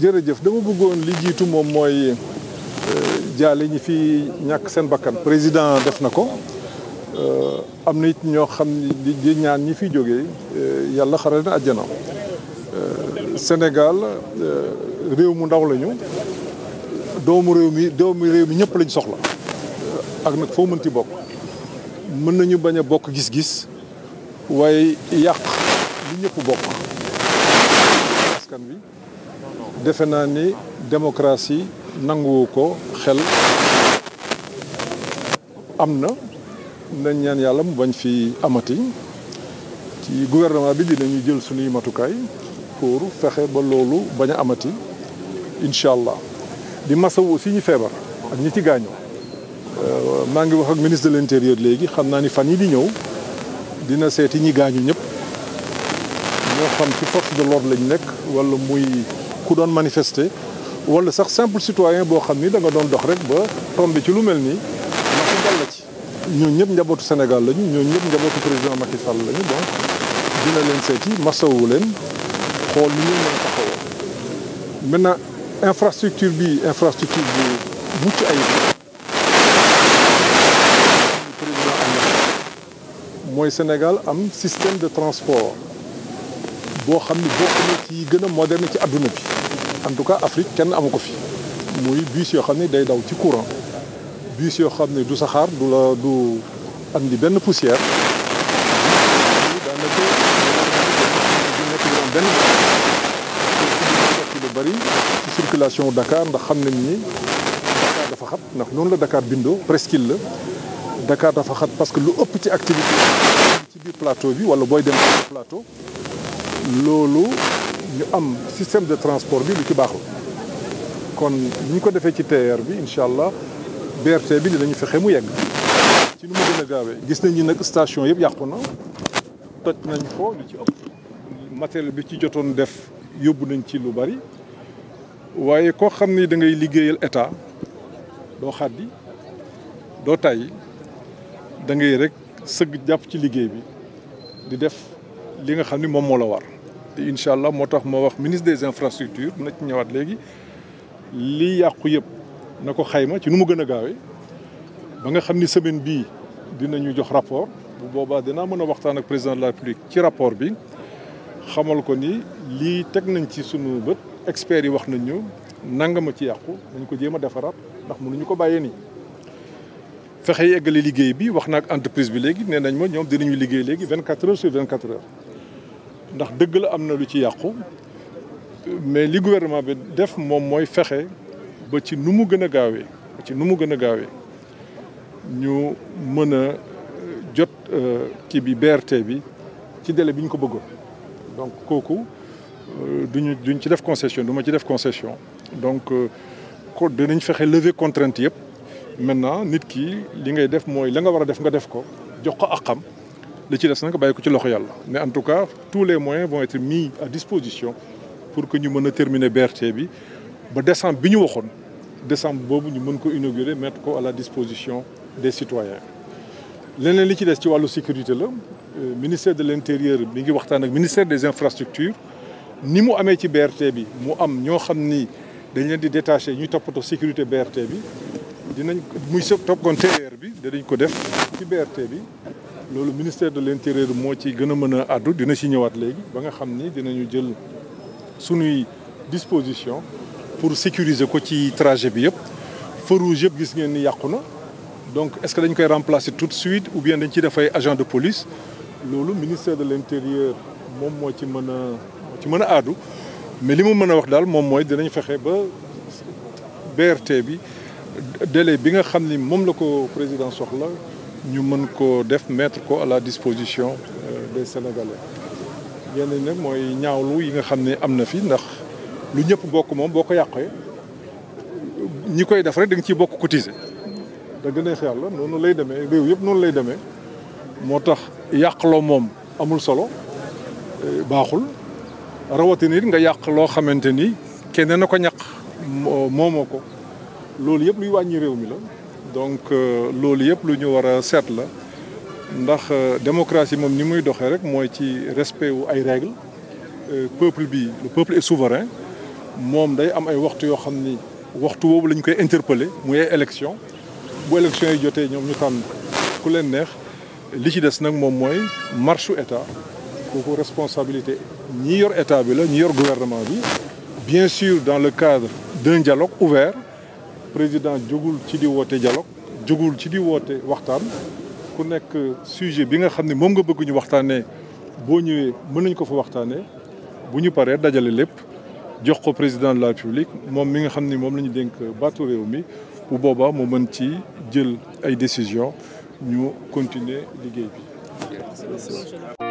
jërëjëf dama bëggoon li jiitu moom mooy euh, jaale ñi fi ñàkk seen bakkan président def na ko euh, am na it ñoo xam ni di ñaan ñi fi jógee euh, yàlla xaral na àjjana Sénégal réew mu ndaw lañu doomu réew mi doomu réew mi ñëpp lañ soxla ak nag foo mënti bokk mën nañu bañ a bokk gis-gis waaye yàq li ñëpp bokk askan wi defe naa ni démocratie nanguwu ko xel am na nañ ñaan yàlla mu bañ fi amati ci gouvernement bi dinañu jël suñuy matukaay pour fexe ba loolu bañ amati incha allah di masawu aussi ñi feebar ak ñi ci gaañoo euh, maa ngi wax ak ministre de l'intérieur léegi xam naa ni fan yi di ñëw dina seeti ñi gaañu ñëpp ñoo xam ci force de l'ordre lañ nekk wala muy ku doon manifester wala sax simple citoyen boo xam ni danga doon dox rek ba tombé ci lu mel nii ndax ku dal la ci. ñoo ñëpp njabootu Sénégal lañu ñoo ñëpp njabootu président Macky Sall lañu donc dina leen seeti masawu leen xool ni ñu mën a taxawoo maintenant infrastructure bi infrastructure bu mucc ayib président mooy Sénégal am système de transport boo xam ni bokk na ci gën moderne ci adduna bi en tout cas Afrique kenn amu ko fi muy bus yoo xam ne day daw ci courant bus yoo xam ne du saxaar du la du andi benn poussière du nekk ñu benn lu bëri ci circulation Dakar ndax xam nañ ni Dakar dafa xat ndax noonu la Dakar bindoo presqu'île la Dakar dafa xat parce que lu ëpp ci activité ci biir plateau bi wala booy dem plateau loolu ñu am système de transport bi lu ci baaxul kon ni ñu ko defee ci TER bi incha allah BRT bi dinañu fexe mu yegg ci nu mu gën a gaawee gis nañ ni nag station yëpp yàqu na toj nañ ko lu ci ëpp matériel bi ci jotoon def yóbbu nañ ci lu bari waaye koo xam ni dangay liggéeyal état doo xaddi doo tàyyi da ngay rek sëgg jàpp ci liggéey bi di def li nga xam ni moom moo la war incha allah moo tax ma wax ministre des infrastructures na ci ñëwaat léegi li yàqu yëpp na ko xayma ci nu mu gën a gaawee ba nga xam ni semaine bii dinañu jox rapport bu boobaa dinaa mën a waxtaan ak président de la république ci rapport bi xamal ko ni lii teg nañ ci sunu bët experts yi wax nañ ñu nangama ci yàqu dañ ko jéem a defaraat ndax mënuñu ko bàyyee nii. fexe yeggale liggéey bi wax naag entreprise bi léegi nee nañ ma ñoom dinañu liggéey léegi vingt quatre heures sur vingt quatre heures ndax dëgg la am na lu ci yàqu mais li gouvernement bi def moom mooy fexe ba ci nu mu gën a gaawee ba ci nu mu gën a gaawee ñu mën a euh, jot euh, kii bi BRT bi ci délai bi ñu ko bëggoon donc kooku euh, duñu duñ ci def concession du ma ci def concession donc dinañ fexe lever contrainte yëpp maintenant nit ki li ngay def mooy la nga war a def nga def ko jox ko àqam li ci des nag bàyyi ko ci loxo yàlla mais en tout cas tous les moyens vont être mis à disposition pour que ñu mën a terminer BRT bi ba décembre bi ñu waxoon décembre boobu ñu mën ko inaugurer mettre ko à la disposition des citoyens leneen li ci des ci wàllu sécurité la euh, ministère de l'intérieur mi ngi waxtaan ak ministère des infrastructures ni mu amee ci BRT bi mu am ñoo xam ni dañ leen di détaché ñuy toppatoo sécurité BRT bi dinañ muy s topkoon TER bi dinañ ko def ci BRT bi loolu ministère de l'intérieur moo ci gën a mën a àddu dina ci ñëwaat léegi ba nga xam ni dinañu jël sunuy disposition pour sécuriser ko ci trajet bi yëpp feu yëpp gis ngeen ni yàqu na donc est-ce que dañ koy remplacer tout de suite ou bien dañ ci defay ay agent de police loolu ministère de l'intérieur moom moo ci mën a moo ci mën a àddu mais li mu mën a wax daal moom mooy dinañ fexe ba BRT bi délé bi nga xam ni moom la ko président soxla ñu mën ko def mettre ko à la disposition euh, des sénégalais yenn yi nag mooy ñaawlu yi nga xam ne am na fi ndax lu ñëpp bokk moom boo ko yàqee ñi koy def rek da nga ciy bokk cotiser. da gën a yàlla noonu lay demee réew yëpp noonu lay demee moo tax yàqloo moom amul solo euh, baaxul rawatina it nga yàq loo xamante ni kenn na ko ñàq moomoo ko. loolu yëpp luy wàññi réew mi la donc euh, loolu yëpp lu ñu war a seet la ndax euh, démocratie moom ni muy doxee rek mooy ci respect wu ay règles euh, peuple bi le peuple est souverain moom day am ay waxtu yoo xam ni waxtu boobu lañ koy interpeller muy ay élection bu élection yi jotee ñoom ñu tànn ku leen neex li ci des nag moom mooy marche état kooku responsabilité ñi yor état bi la ñi yor gouvernement bi bien sur dans le cadre d'un dialogue ouvert président jógul ci di woote dialogue jógul ci di woote waxtaan ku nekk sujet bi nga xam ne moom nga bëgguñu ñu waxtaanee boo ñëwee mën nañ ko fa waxtaanee bu ñu paree dajale lépp jox ko président de la République moom mi nga xam ni moom lañu ñu dénk baatu réew mi bu boobaa moo mën ci jël ay décision ñu continuer liggéey bi.